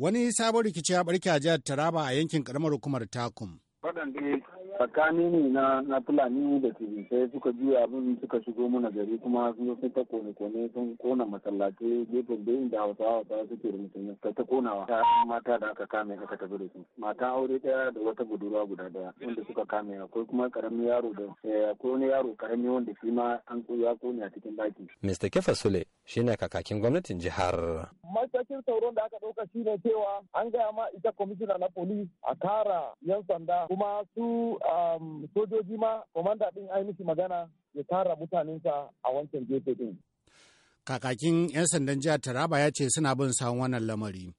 Wani sabon rikici ya barke a jihar Taraba a yankin karamar hukumar Takum. tsakanin ne na na fulani da sai suka juya abin suka shigo mana gari kuma sun zo sun ta kone kone sun kona masallaci gefen da inda hausawa hausawa suke da musulmi ta ta konawa ta mata da aka kame aka tafi da su mata aure daya da wata budurwa guda daya wanda suka kame akwai kuma karamin yaro da eh, akwai wani yaro karami wanda shi ma an ya kone a cikin daki. Mr. Kefa Sule shine kakakin gwamnatin jihar. Matakin tauron da aka ɗauka shine cewa an gaya ma ita kwamishina na polis a kara 'yan sanda kuma su Um, sojoji ma komanda din ai magana ya tara mutanensa a wancan gefe din. Kakakin 'yan sandan jihar Taraba ya ce suna bin sawon wannan lamari.